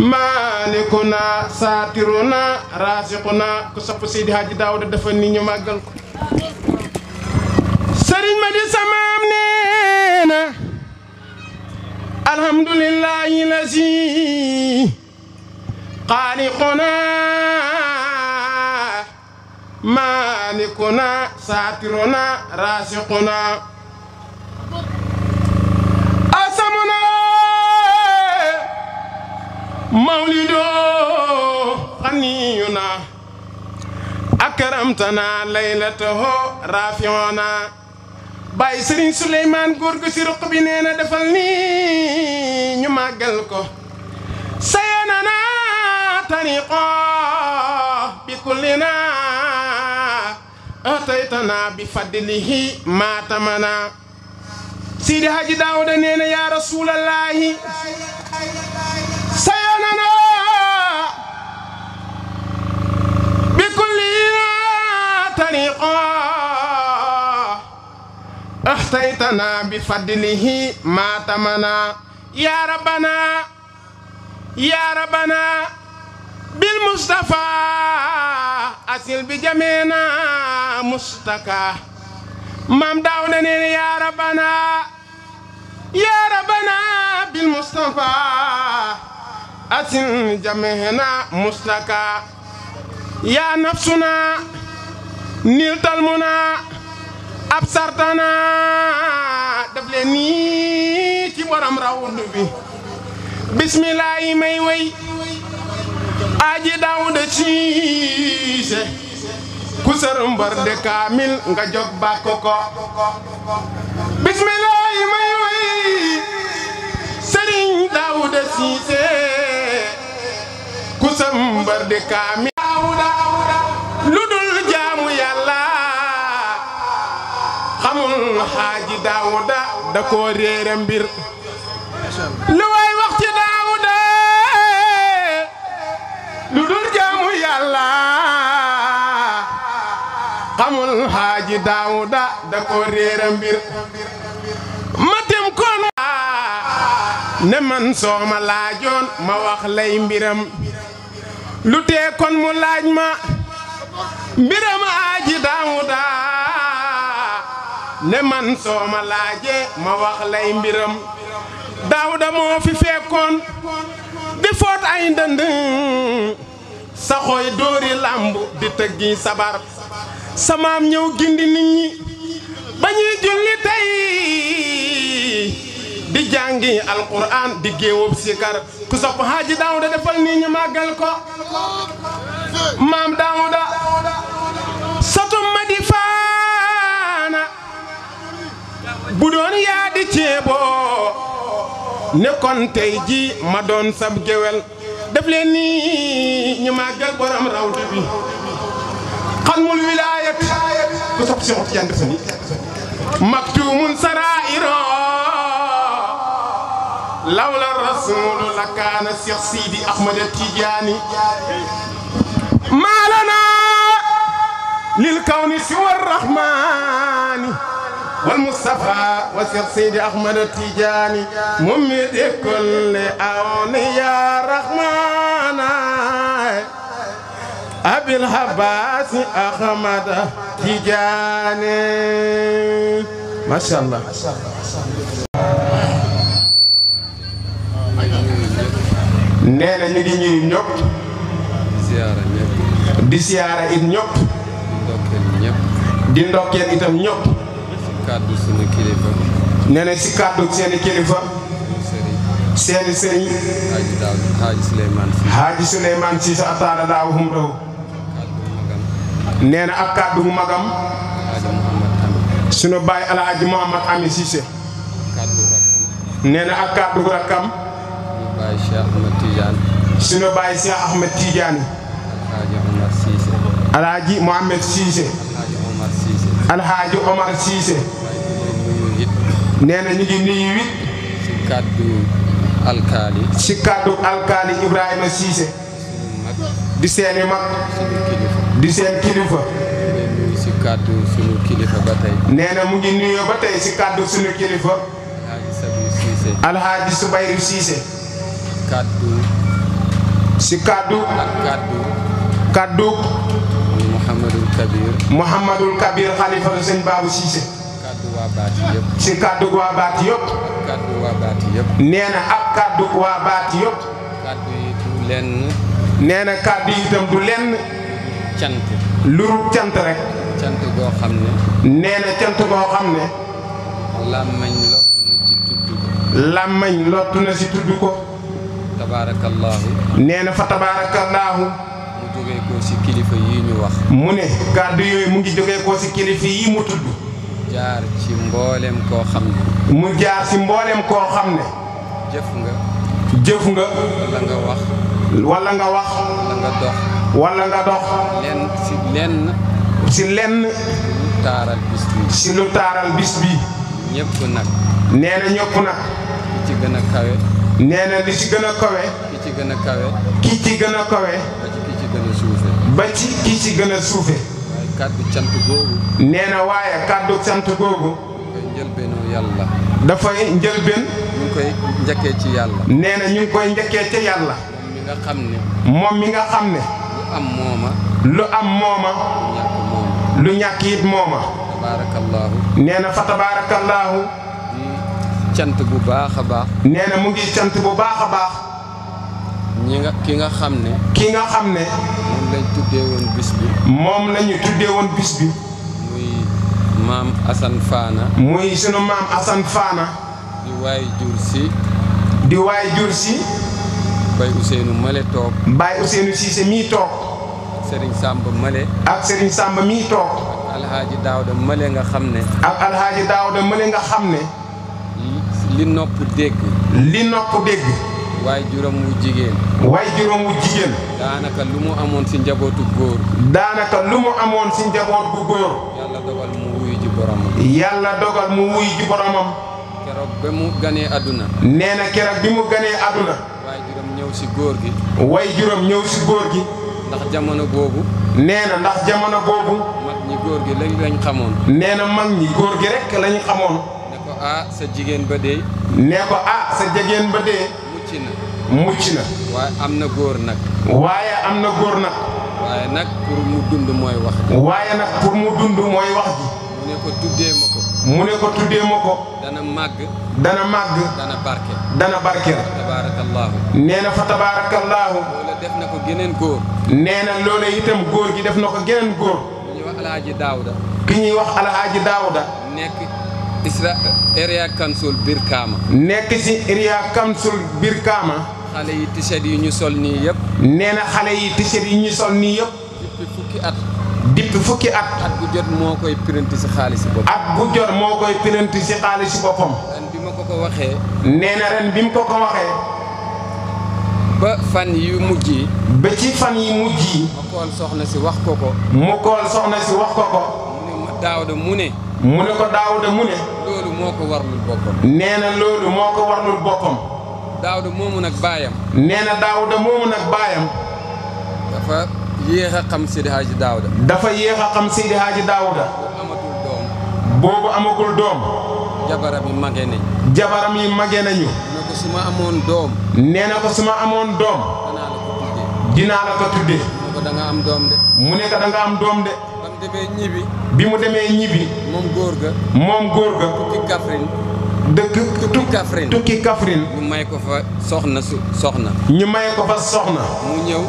maalikuna saatiruna raasiquna ku sopp Seydi Hadji Daawda dafa ni ñu màggal ko sëriñ ma di samaam nee na alhamdulillahi lazi xaaliquna maalikuna saatiruna raasiquna mawlidoo xaniyuna akaramtana laylataho rafiona bàyyi sëriñ Souleymane góor si ruq bi nee na defal ni ñu màggal ko sayanana tariqo bi kullina ataytana bi fadlihi maatamana Sidi Haji Daawuda nee yaa rasulallahi أحتيتنا بفضله ما تمنا يا ربنا يا ربنا بالمصطفى أسل بجميعنا مستكى مام داونين يا ربنا يا ربنا بالمصطفى أسن جميعنا مستكا يا نفسنا نلت المنا أبصرتنا دبلني تبرم راود بي بسم الله مي وي aji daawuda ciise ku sër mbër de kaamil nga jog bàkk ko may way sëriñ daawuda ciise sëmbar di lu dul jaamu yàlla xamul xaaji daawuda da koo mbir lu way ne man soo laajoon ma wax mbiram lu tee kon mu laaj ma mbiram aaji daawuda ne man soo ma ma wax mbiram daawuda moo fi fekkoon di foot ay ndënd saxooy dóori làmb di tëggi sabar samaam ñëw gindi nit ñi julli tey di jàngi alquran di géewub sikar ku sopp Haaji Daawuda defal nii ñu màggal ko maam Daawuda satum ma di faana bu doon yaa di ceeboo nekkoon tey ji ma doon sab géwél def leen nii ñu màggal borom rawte bi xalmul wilaayat ku sopp si xot yand fani maktumun sarairo lawla رسول لكان سيدي أحمد التجاني ما لنا للكون سوى الرحمن والمصطفى وسير سيدي أحمد التجاني ممد كل عون يا رحمن أبي الحباس أحمد التجاني ما شاء الله nee na ñu ngi ñuy ñëpp. di siyaara it ñëpp. di ndokkeel itam ñëpp. kàddu suñu kilifa. nee na si kàddu seeni kilifa. seeni sëriñ. nee na ak kàddu bu sunu baay Alaaji rakkam. Cheikh Ahmed Tidiane. sunu baay Cheikh Ahmed Tidiane. Alhaji Omar Cissé. Alhaji Omar Cissé. Alhaji Omar Cissé. nee na ñu ngi nuyu it. si kaddu alkaali. si kaddu alkaali Ibrahima Cissé. di seen i mag. di seen kilifa. si kaddu kilifa ba tey. nee na mu ngi nuyoo ba tey si kaddu sunu kilifa. Alhaji Subayru Cissé. kàddu si kàddu ak kàddu kàddu Mouhamadul Kabir Mouhamadul Kabir xalifa sëñ Babou Cissé kàddu waa si kàddu waa baati yëpp kàddu waa baati yëpp nee na ak kàddu waa yépp yëpp kàddu yi du lenn nee na kàddu yi itam du lenn cant lu cant rek cant goo xam ne nee na cant goo xam ne làmmañ lottu na si tudd ko tabaarakallaahu nee fa tabaarakallaahu mu jógee ci kilifa yi ñu wax mu ne kàddu yooyu mu ngi jógee ci kilifa yi mu tudd jaar ci mboolem koo xam ne mu jaar ci mboolem koo xam ne jëf nga jëf nga wala nga wax wala nga dox wala nga dox lenn ci lenn ci lenn lu taaral bis bi ci lu taaral bis bi ñëpp nag nee na ñëpp nag li ci gën a nee na li ci gën a kowe ki ci gën a kawe. ki ci gën a kawe. ba ci ki ci gën a suufe. ba ci ki ci gën a suufe. waaye kàddu nee na waaye kàddu cant googu. dafay njëlbeenu dafay njëlbeen. ñu ngi koy njëkkee ci yàlla. nee na ñu ngi koy njëkkee ci yàlla. moom mi nga xam ne. moom mi nga xam ne. lu am mooma. lu am mooma. lu ñàkk mooma. mooma. nee na fa tabaarakallaahu. cant bu baax a baax. nee na mu ngi cant bu baax a baax. ñi nga ki nga xam ne. ki nga xam ne. moom lañ bis bi. moom la tuddee woon bis bi. muy maam Assane Faana. muy sunu maam Assane Faana. di waay jur si. di waay jur si. Baye Ousseynou Male toog. Baye Ousseynou Cissé mii toog. Serigne Samba Male. ak Serigne Samba mii toog. ak Alhaji Daouda Male nga xam ne. ak Alhaji Daouda Male nga xam ne. li nopp dégg. li nopp dégg. waaye juróom wu jigéen. waay juróom wu jigéen. daanaka lu mu amoon si njabootu góor. daanaka lu mu amoon si njaboot bu góor. yàlla dogal mu wuyu boromam. yàlla dogal mu wuyu ji boromam. keroog ba mu ganee àdduna. nee na keroog bi mu ganee àdduna. waay juróom ñëw si góor gi. waay juróom ñëw si góor gi. ndax jamono boobu. nee na ndax jamono boobu. mag ñi góor gi léegi lañ xamoon. nee na mag ñi góor gi rek lañ xamoon. ah sa jigéen ba dee. nee ko ah sa jigéen ba dee. mucc na mucc na. waaye am na góor nag. waaye am na góor nag. waaye nag pour mu dund mooy wax ji. nag pour mu dund mooy wax ne ko tuddee ma ko. mu ne ko tuddee ma ko. dana màgg. dana màgg. dana barket dana barke. nee na fa tabaarakallaahu. loola def na ko geneen góor. nee na loola itam góor gi def na ko geneen góor. ki ñuy wax Alaaji Daawuda. ki ñuy wax Alaaji Daawuda. nekk Isra. area council Birkama. nekk ci area council Birkama. xale yi t yi ñu sol nii yëpp. nee na xale yi t yi ñu sol nii yëpp. dippi fukki at. dippi fukki at. at bu jot moo koy pirinti ci xaalis boppam. at bu jot moo koy pirinti ci xaalis boppam. ren bi ma ko ko waxee. nee na ren bi mu ko ko waxee. ba fan yi mujj yi. ba ci fan yi mujj ma kool soxna si wax ko ko. mu kool soxna si wax ko ko. mu ne ma Daawda mu ne. mu ne ko Daawda mu ne. moko warul bopam neena lolu moko warul bopam ko momu nak bayam neena nag momu nak bayam dafa Yeha xam sidi haji Daawda. dafa Yeha xam sidi haji Daawda. amatul dom bobu boobu amagul doom. jabaram yi magge nañ. jabaram yi magge nañu. nako suma amon dom neena ko suma amon dom dina la ko tuddé la ko mu ne da nga am dom de. da nga am de. demee ñibi. bi mu demee ñibi. moom góor ga. moom góor ga. tukki Kaffrine. dëkk tukki Kaffrine tukki Kaffrine. ñu may ko fa soxna su soxna. ñu may ko fa soxna. mu ñëw.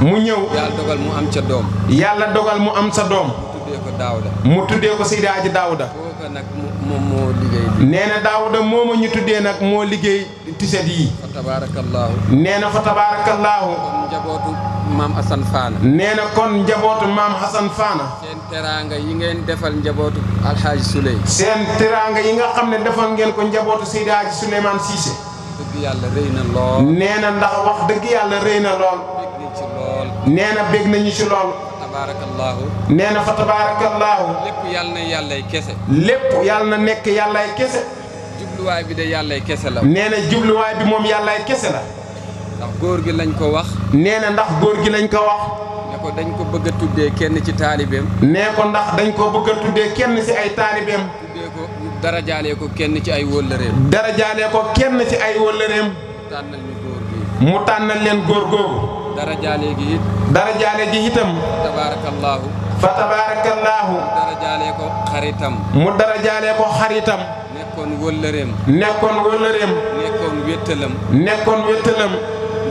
mu ñëw. yàlla dogal mu am ca doom. yàlla dogal mu am sa doom. mu tuddee ko Daouda. mu tuddee ko Seydi Aji Daouda. kooka moo liggéey. nee na Daouda mooma ñu tuddee nag moo liggéey. tiset yi. fa tabaarakallaahu. nee na fa tabaarakallaahu. kon njabootu maam Assane Faana. nee na kon njabootu maam Assane Faana. seen teraanga yi ngeen defal njabootu Alhaji Souley. seen teraanga yi nga xam ne defal ngeen ko njabootu Seydi Hadji Souleymane Cissé. dëgg yàlla rëy na lool. nee na ndax wax dëgg yàlla rëy na lool. bég nañ ci lool. nee na bég nañu ci lool. tabaarakallaahu. nee na fa tabaarakallaahu. lépp yàlla na yàllay kese. lépp yàlla na nekk yàllay kese. jubluwaay bi de yàllay kese la. nee na jubluwaay bi moom yàllay kese la. ndax góor gi lañ ko wax. nee na ndax góor gi lañ ko wax. ne ko dañ ko bëgg a tuddee kenn ci taalibeem. nee ko ndax dañ ko bëgg a tuddee kenn ci ay taalibeem. tuddee dara jaalee ko kenn ci ay wëllëreem. dara jaalee ko kenn ci ay wëllëreem. tànnal ñu góor gi. mu tànnal leen góor googu. dara jaalee gi it. dara jaalee gi tabaarakallaahu. fa tabaarakallaahu. mu dara ko xaritam. mu dara jaalee ko xaritam. nekkoon wëllëreem. nekkoon wëllëreem. nekkoon wéttalam. nekkoon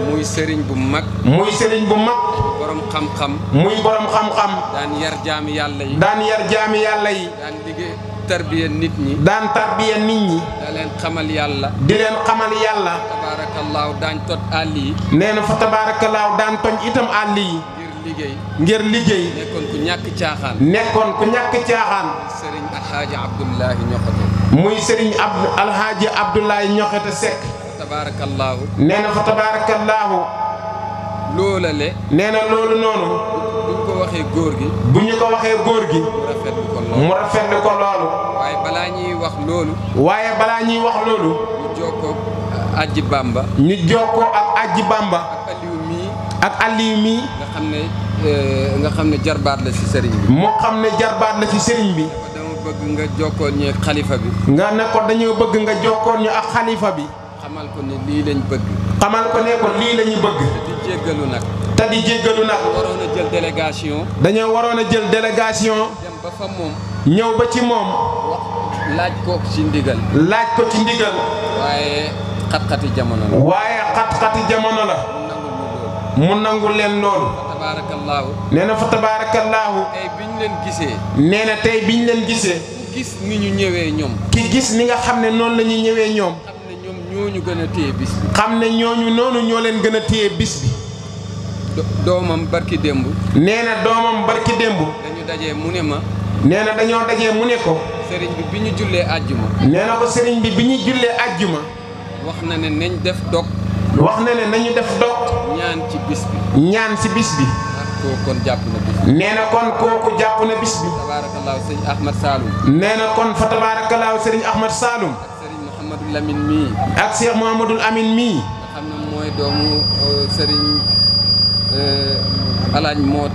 muy sëriñ bu mag. muy sëriñ bu mag. borom xam-xam. muy borom xam-xam. daan yar jaami yàlla yi. daan yar jaami yàlla yi. daan liggéey tarbiya nit ñi. daan tarbiya nit ñi. da xamal yàlla. di leen xamal yàlla. tabaarakallaahu daan toj àll yi. nee na fa daan toj itam àll yi. liggéey ngir liggéey. nekkoon ku ñàkk caaxaan. nekkoon ku muy Serigne Abd Alhaji Abdoulaye Ñoxete Seck. tabaarakallaahu. nee na fa tabaarakallaahu. loola le. nee na loolu noonu. bu ñu ko waxee góor gi. bu ñu ko waxee góor gi. mu rafetlu ko loolu. waaye balaa ñuy wax loolu. waaye balaa ñuy wax loolu. ñu jokkoo ak Aji ñu jokkoo ak Aji Bamba. ak Aliou mii. ak Aliou mii. nga xam ne eh, nga xam ne jarbaat la ci sëriñ bi. moo xam ne jarbaat la ci sëriñ bi. bëgg nga jokkoon ñu ak xalifa bi. nga ne ko dañoo bëgg nga jokkoon ñu ak xalifa bi. xamal ko ne lii lañ bëgg. xamal ko ne ko lii la bëgg. te di jéggalu nag. te di jéggalu nag. waroon a jël délégation. dañoo waroon a jël délégation. dem ba moom. ñëw ba ci moom. laaj ko ci ndigal. laaj ko ci ndigal. waaye xat-xati jamono la. waaye la. mu nangul leen loolu. tabaarakallaahu nee na fa tabaarakallaahu tey bi ñu leen gisee nee na tey bi ñu leen gisee ki gis ni ñu ñëwee ñoom ki gis ni nga xam ne noonu lañuy ñuy ñëwee ñoom xam ne ñoom ñooñu gën a téye bis bi xam ne ñooñu noonu ñoo leen gën a téye bis bi doomam barki démb nee na doomam barki démb dañu dajee mu ne ma nee na dañoo dajee mu ne ko sëriñ bi bi ñu jullee àjjuma nee na ko sëriñ bi bi ñu jullee àjjuma wax na ne nañ def dog wax na ne nañu def dog ñaan ci bis bi. ñaan ci bis bi. kon jàpp na bis bi. nee na kon kooku sëriñ Ahmad Saloum. nee na kon fa tabaarakallaahu sëriñ Ahmad Saloum. ak sëriñ Mouhamadul Amin mii. ak Cheikh Mouhamadul Amin mii. nga xam ne mooy doomu euh, sëriñ euh, Alaaji Moot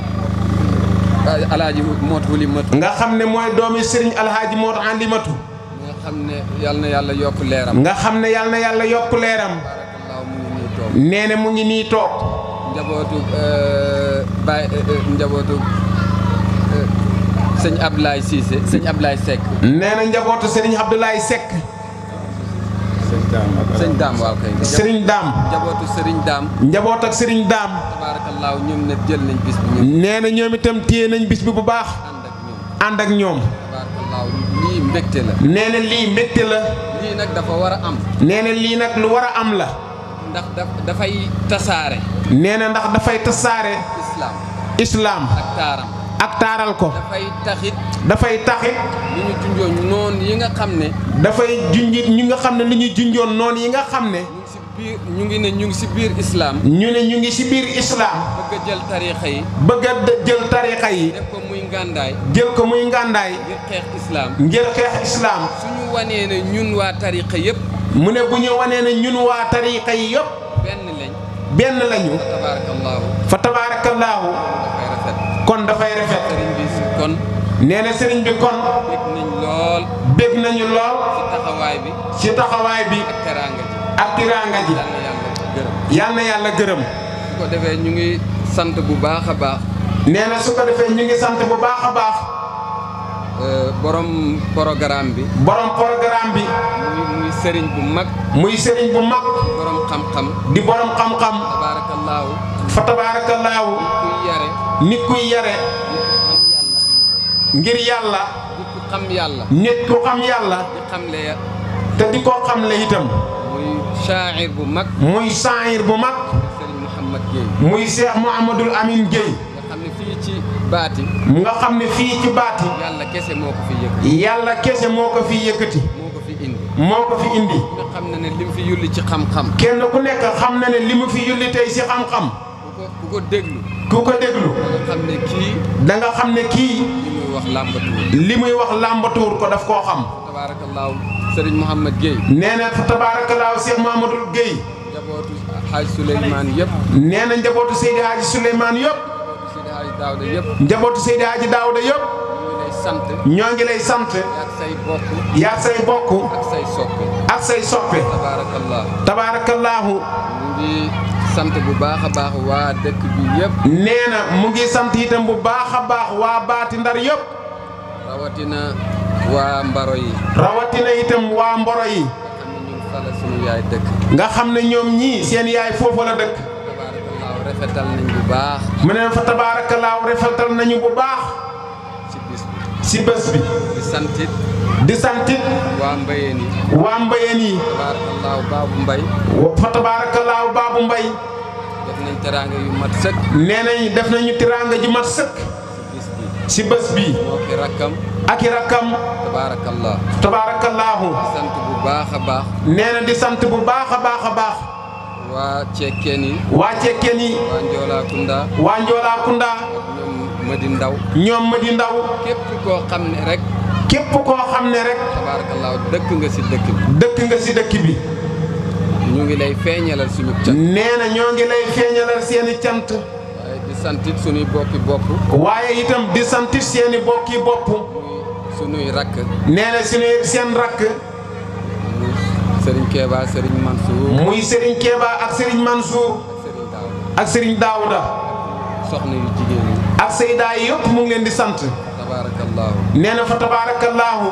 euh, Alaaji Moot nga xam ne mooy doomu sëriñ Alaaji Moot Alimatu. nga xam na yàlla yokk leeram. nga xam ne yal na yàlla yokk leeram. toog. nee na mu ngi nii toog. njabootu eh, Baye eh, eh, njabootu sëñ Abdoulaye Cissé sëñ Abdoulaye Seck. nee na njabootu sëñ Abdoulaye Seck. sëñ daam waaw kay. sëriñ daam. njabootu sëriñ daam. njaboot ak sëriñ daam. tabaarakallaahu ñoom nag jël nañ bis bi. nee na ñoom itam téye nañ bis bi bu baax. ànd ak ñoom. tabaarakallaahu lii mbégte la. nee na lii mbégte la. lii nag dafa war a am. nee na lii nag lu war a am la. ndax dafay tasaare. nee na ndax dafay tasaare. islam islam. ak taaram ak taaral ko. dafay taxit. dafay taxit. li ñu junjoon noon yi nga xam ne. dafay junjit ñi nga xam ne li ñu junjoon noon yi nga xam ne. biir ñu ngi ne ñu ngi si biir islam. ñu ne ñu ngi si biir islam. bëgg a jël tariixa yi. bëgg a jël tariixa yi. def ko muy ngàndaay. jël ko muy ngàndaay. ngir xeex islam. ngir xeex islam. suñu wanee ne ñun waa tariixa yëpp. mu ne bu ñu wanee ne ñun waa tariqa yi yëpp benn lañu fa tabaarakallaahu kon dafay bi kon nee na sëriñ bi kon bég nañu lool ci taxawaay bi ak tiraanga ji yal na yàlla gërëm su ko defee ñu ngi sant bu baax a baax nee na su ko defee ñu ngi sant bu baax a baax Euh, borom programme bi. borom bi. muy sëriñ bu mag. muy sëriñ bu mag. di borom xam-xam. di borom xam-xam. tabaarakallaahu. fa tabaarakallaahu. nit kuy yare. ngir yàlla. nit ku xam yàlla. nit ku xam yàlla. di xamle ya. te di ko xamle itam. muy saayir bu mag. muy saayir bu mag. muy Cheikh Mouhamadul Amine Gueye. xam ne fii ci nga xam ne fii ci baati. yàlla kese moo ko fi yëkkati. yàlla kese moo ko fi yëkkati. moo ko fi indi. moo ko fi indi. xam na ne li mu fi yulli ci xam-xam. kenn ku nekk xam na ne li mu fi yulli tey si xam-xam. ku ko ko déglu. ku ko déglu. da nga xam ne kii. da nga xam ne kii. li muy wax làmbatuur. li muy wax làmbatuur ko daf koo xam. tabaarakallaahu sëriñ Mouhamad Guèye. nee na tabaarakallaahu Cheikh Mouhamadul Guèye. njabootu Haji Souleymane yëpp. nee na njabootu Seydi Haji Souleymane yëpp. Daawda yëpp. njabootu Seydi Hadji Daawda yëpp. ñoo ngi lay sant. yaa say bokk. ak say soppe. tabaarakallaahu. sant bu baax a baax waa dëkk bi yëpp. nee na mu ngi sant itam bu baax a baax waa baati ndar yëpp. rawatina waa mbaro yi. rawatina itam waa mboro yi. nga xam ne ñoom ñii seen yaay foofu la dëkk. rafetal bu baax. mu ne fa tabaarakallaahu rafetal nañu bu baax. ci bis bi ci bés bi. di santit di santit waa mbayeen yi. waa mbayeen yi. tabaarakallaahu baabu mbay. fa tabaarakallaahu baabu mbay. def nañ teraanga yu mat sëkk. nee nañ def nañu teraanga ju mat sëkk. ci bés bi. moo ki rakkam. ak i rakkam. tabaarakallah. tabaarakallaahu. di sant bu baax a baax. nee na di sant bu baax a baax a baax. waa Cekkeen yi. waa Cekkeen yi. waa Njoolaa Kunda. waa Njoolaa Kunda. ñoom Madi Ndaw. ñoom Madi Ndaw. képp koo xam ne rek. képp koo xam ne rek. tabaarakallaahu dëkk nga si dëkk bi. dëkk si dëkk bi. ñu ngi lay feeñalal suñu cant. nee na ñoo ngi lay feeñalal seen cant. waaye di santit suñuy bokki bopp. waaye itam di santit seen i bokki bopp. suñuy rakk. nee na suñuy seen rakk. Serigne Keba Serigne Mansour. muy Serigne Keba ak Serigne Mansour. ak Serigne Daouda. soxna yu jigéen ñi. ak Seyda yëpp mu ngi leen di sant. tabaarakallaahu. nee na fa tabaarakallaahu.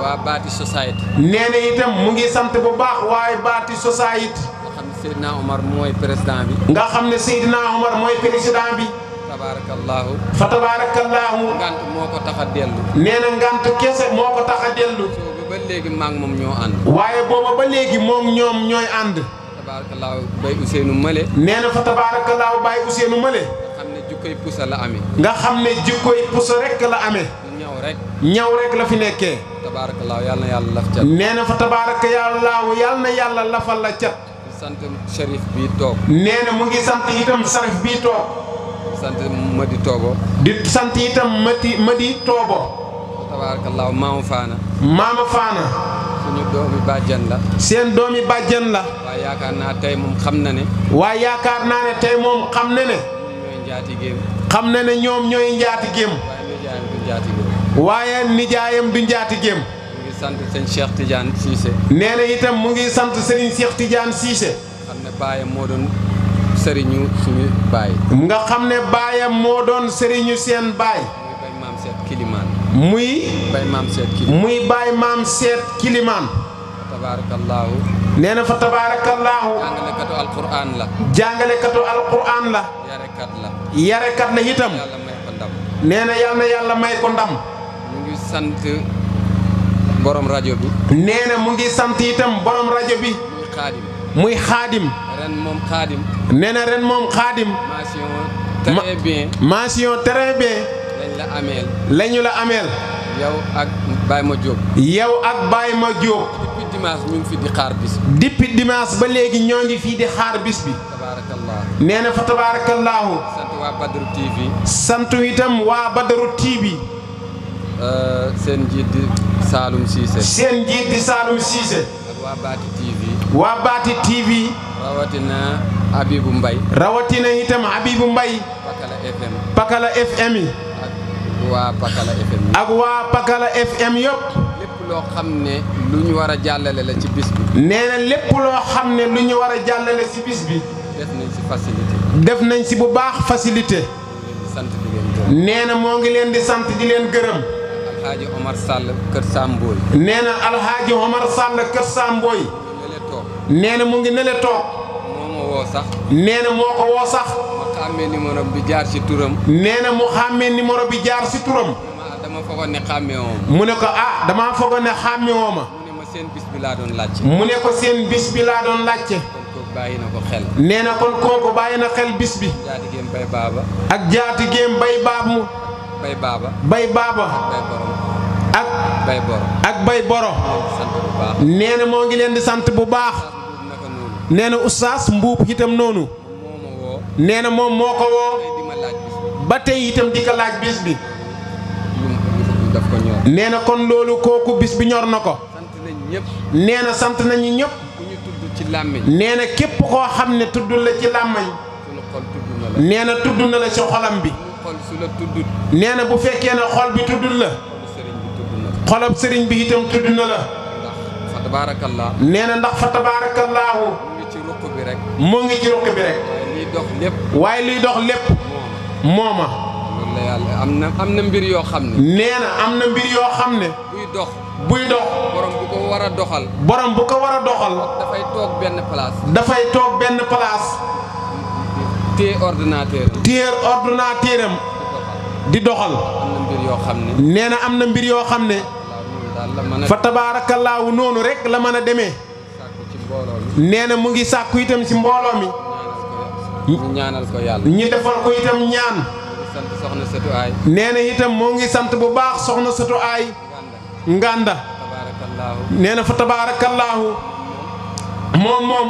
waa Baati Society. nee na itam mu ngi sant bu baax waaye Baati Society. nga xam ne Seydina Omar mooy président bi. nga xam ne Seydina Omar mooy président bi. tabaarakallaahu. fa tabaarakallaahu. ngant moo ko tax a dellu. nee na ngant kese moo ko tax a dellu. léegi maa moom ñoo ànd. waaye ba léegi moom ñoom ñooy ànd. tabaarakallaahu Baye Ousseynou Mële. nee na fa tabaarakallaahu Baye Ousseynou Mële. nga xam ne jikkoy la amee. nga xam ne jikkoy pusa rek la amee. ñaw rek. ñaw rek la fi nekkee. tabaarakallaahu yal na yàlla laf cat. nee na fa tabaarakallaahu yal na yàlla lafal la cat. sant Cherif bii toog. nee na mu ngi sant itam Cherif bii toog. sant Madi Toobo. di sant itam Madi Madi Toobo. tabaarakallaahu maama faana maama faana suñu doomi bàjjan la seen doomi bàjjan la waaye yaakaar naa tey moom xam na ne waaye yaakaar naa ne tey moom xam na ne ñooy xam na ne ñoom ñooy njaati géem waaye nijaayam du njaati géem mu ngi sant sëñ Cheikh Tidiane Cissé nee na itam mu ngi sant sëriñ Cheikh Tidiane Cissé xam ne baayam moo doon sëriñu suñu baay nga ne baayam moo doon sëriñu seen baay muy. bay maam seet kilimaan muy seet kilimaan. tabaarakallaahu. nee na fa tabaarakallaahu. jàngalekatu alquran la. jàngalekatu alquran la. yarekat la. yarekat la itam. yàlla may ko ndam. yàlla na yàlla may ko ndam. mu ngi sant borom rajo bi. nee mu ngi sant itam borom rajo bi. muy xaadim. muy xaadim. ren moom xaadim. nee na ren moom xaadim. mention très bien. mention très la ameel. la ñu la ameel. yow ak Baye Ma Diop. yow ak Baye Ma Diop. depuis dimanche ñu fi di xaar bis bi. depuis ba léegi ñoo ngi fii di xaar bis bi. tabaarakallah. nee na fa tabaarakallaahu. sant waa Badru TV. sant itam waa Badru TV. Euh, seen njiit di Saalum Cissé. seen njiit di Saalum Cissé. ak waa Baati TV. waa Baati TV. rawatina Habibou Mbaye. ak waa Pakala FM. ak waa Pakala FM yëpp. lépp loo xam ne lu ñu war a jàllale la ci bis bi. nee lépp loo xam ne lu ñu war a jàllale si bis bi. def nañ si facilité. def nañ si bu baax facilité. nee na moo ngi leen di sant di leen gërëm. alxaaji Omar Sall Kër Sambooy. nee na alxaaji Omar Sall Kër Sambooy. nee na mu ngi nële toog. moo ma moo ko woo sax. xàmmee numéro bi jaar si turam. nee na mu xàmmee numéro bi jaar si turam. dama foogoon ne mu ne ko ah dama foogoon ne xàmmee woo ma. mu ne ah, bi laa doon laajte. mu ne ko seen bis bi laa doon laajte. bàyyi na ko xel. nee na kon kooku bàyyi na xel bis bi. jaatigeem bay baaba. ak jaatigeem bay baab mu. bay baaba. bay baaba. ak. bay boro. nee na moo ngi leen di sant bu baax. nee na ustaas mbuub itam noonu. nee na moom moo ko woo ba tey itam di ko laaj bis bi nee na kon loolu kooku bis bi ñor na ko nee na sant nañu ñëpp nee na képp koo xam ne tudd la ci làmmañ nee na tudd na la ci xolam bi nee na bu fekkee ne xol bi tuddul la xolab sëriñ bi itam tudd na la nee na ndax fa tabaarakallaahu mu ngi ci ruq bi rek liy lépp. waaye luy dox lépp. mooma. am na am na mbir yoo xam ne. nee na am na mbir yoo xam ne. buy dox. buy dox. a doxal. borom bu ko war a doxal. dafay benn place. dafay toog benn place. téye ordinateur am. téye yoo xam ne. na am na mbir yoo xam ne. fa tabaarakallaahu noonu rek la mën a demee. nee na mu ngi sàkku itam ci mbooloo mi. ñu ñaanal ko yàlla. ñu defal ko itam ñaan. sant soxna Sëtu nee na itam moo ngi sant bu baax soxna Sëtu Aay. Nganda. nee na fa tabaarakallaahu. moom moom.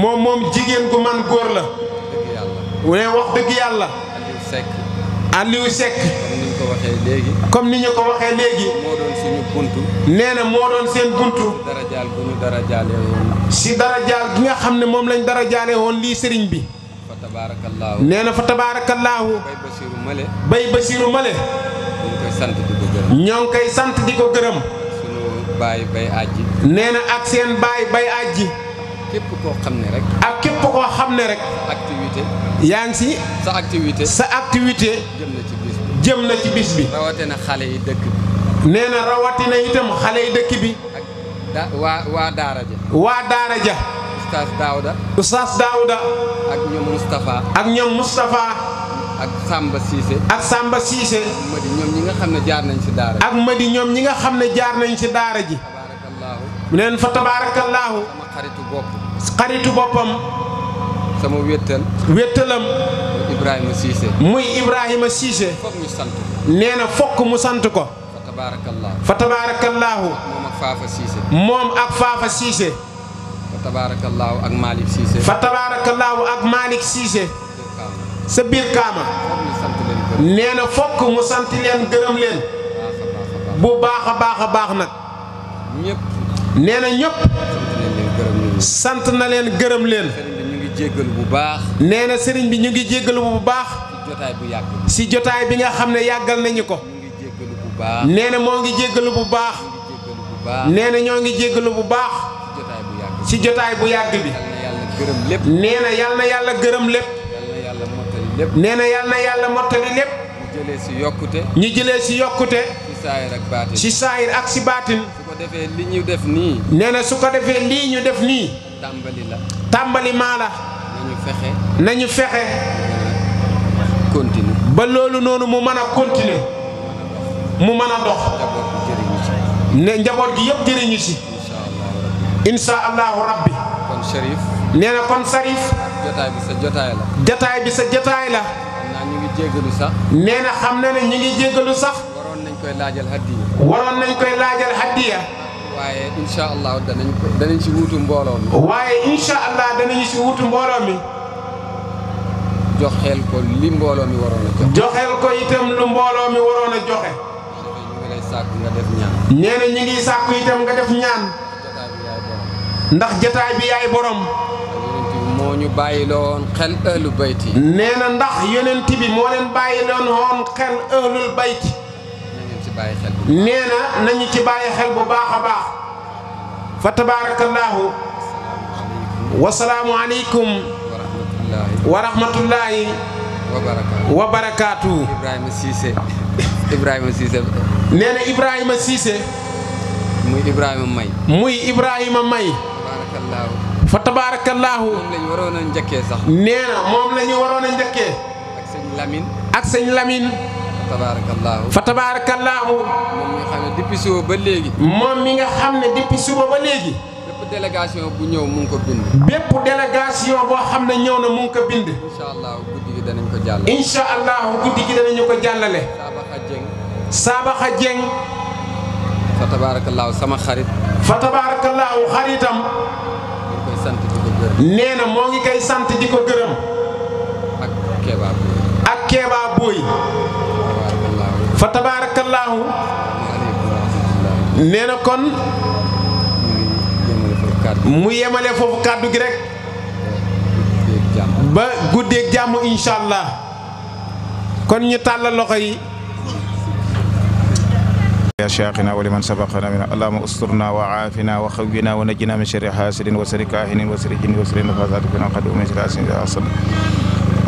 moom moom jigéen gu man góor la. ne wax dëgg yàlla. Aliou Seck comme ni ñu ko waxee léegi moo doon nee na moo doon seen buntu darajaal bu ñu darajaale woon si darajaal gi nga xam ne moom lañ darajaale woon lii sëriñ bi fa tabaarakallaahu nee na fa tabaarakallaahu bay basiiru male bay basiiru male koy sant di ko gërëm ñoo ngi koy sant di ko gërëm nee na ak seen baay bay ajji képp koo xam ne rek ak képp koo xam ne rek activité. yaa ngi si. sa activité sa activité. jëm na ci bis bi jëm na ci bis bi. rawatina xale yi dëkk bi. na rawatina itam xale yi dëkk bi. ak waa waa Daara ja. waa Daara ja. Oustaz Daouda. Oustaz ak ñoom Moustapha. ak ñoom Moustapha. ak Samba Cissé. ak Samba Cissé. ñoom ñi nga xam ne jaar nañ si Daara ji. ñoom ñi nga xam ne jaar nañ si Daara ji. neen fa tabaarakallaahu. xaritu boppam. sama wéttal. wéttalam. Ibrahima Cissé. muy Ibrahima Cissé. foog ñu na fokk mu sant ko. fa tabaarakallaahu. fa tabaarakallaahu. moom ak Faafa Cissé. fa tabaarakallaahu ak Malick Cissé. fa tabaarakallaahu ak Malick Cissé. sa biir kaama. nee na fokk mu sant leen gërëm bu baax baaxa baax nag. ñëpp. nee na ñëpp. sant jéggalu bu baax. nee na sëriñ bi ñu ngi jéggalu bu baax. si jotaay bu yàgg. si jotaay bi nga xam ne yàggal nañu ko. ñu ngi jéggalu bu baax. nee na moo ngi jéggalu bu baax. nee na ñoo ngi jéggalu bu baax. si jotaay bu yàgg bi. nee na yal na yàlla gërëm lépp. nee na yal yàlla mottali lépp. ñu jëlee si yokkute. ñu jëlee si yokkute. si saayir ak si baatin. su ko defee li ñu def nii. nee na su ko defee lii ñu def nii. tàmbali tàmbali mala nañu fexe nañu fexe continuer ba lolou nonu mu meuna a continuer mu meuna dox ne njabot gi yeb jëriñu ci insha allah rabbi kon sharif neena kon sharif jotaay bi sa jotaay la jotaay bi sa jotaay la ñu ngi jéggalu sax neena xamna ne ñu ngi jéggalu sax waron nañ koy laajal hadiya waron nañ koy laajal hadiya waaye incha allah danañ ko si wutu mbooloo mi. waaye incha allah danañ si wutu mbooloo joxeel ko li mbooloo mi waroon a joxe. joxeel ko itam lu mbooloo mi waroon a joxe. ñu ngi lay sàkk nga def ñaan. ñu ngi sàkk itam nga def ndax jataay bi yaay borom. moo ñu bàyyiloon xel ëllu bayti. nee ndax yonent bi moo leen bàyyiloon xel ëllul bayti. nee nañu ci bàyyi xel bu baax a baax fa tabaarakallaahu wasalaamu aleykum wa rahmatullaahi wa barakaatu Ibrahima Cissé Ibrahima Cissé nee muy Ibrahima May muy Ibrahima May fa tabaarakallaahu moom la ñu waroon a sax nee na moom la ñu waroon ak sëñ Lamine tabaarakallaahu fa tabaarakallaahu moom mi nga xam ne depuis suba ba léegi. moom mi nga xam ne depuis suba ba léegi. bépp délégation bu ñëw mu ngi ko bind. bépp délégation boo xam ne ñëw na mu ngi ko bind. incha guddi gi danañ ko jàllale. incha allahu guddi ko jàllale. Sabaxa Dieng. fa tabaarakallaahu sama xarit. fa tabaarakallaahu xaritam. nee na moo ngi koy sant di ko gërëm. ak Kéba Boye. فتبارك الله نينا كون مو mu فوف كادو kàddu با rek ba ان شاء الله كون ني ñu لوخاي يا شيخنا ولمن سبقنا من اللهم استرنا وعافنا وخوينا ونجنا من شر حاسد وسر كاهن وسر جن وسر نفاذات فينا قد ومن شر حاسد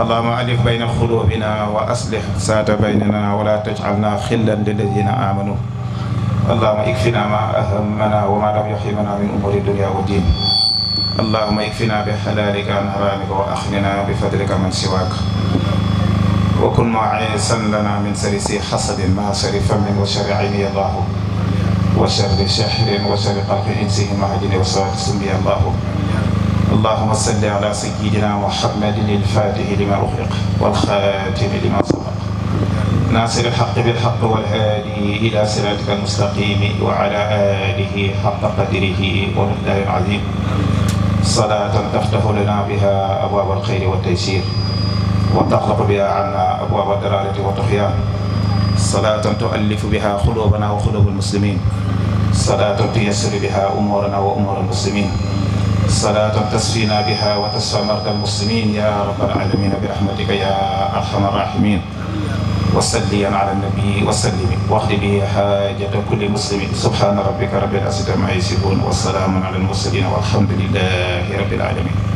اللهم ألف بين قلوبنا وأصلح سات بيننا ولا تجعلنا خلا للذين آمنوا اللهم اكفنا ما أهمنا وما لم يحرمنا من أمور الدنيا والدين اللهم اكفنا بحلالك عن حرامك وأخننا بفضلك من سواك وكن معيسا لنا من سرس حسد مع شر فم وشر عيني الله وشر شحر وشر قلب انسه مع جن وصلاه سمي الله اللهم صل على سيدنا محمد الفاتح لما أغلق والخاتم لما سبق ناصر الحق بالحق والهادي إلى صراطك المستقيم وعلى آله حق قدره ومقداره العظيم صلاة تفتح لنا بها أبواب الخير والتيسير وتخلق بها عنا أبواب الدلالة والطغيان صلاة تؤلف بها قلوبنا وقلوب المسلمين صلاة تيسر بها أمورنا وأمور المسلمين صلاة تسفينا بها وتسفى مرضى المسلمين يا رب العالمين برحمتك يا أرحم الراحمين وسليا على النبي وسلم واخذ به حاجة كل مسلم سبحان ربك رب العزة ما يصفون والسلام على المرسلين والحمد لله رب العالمين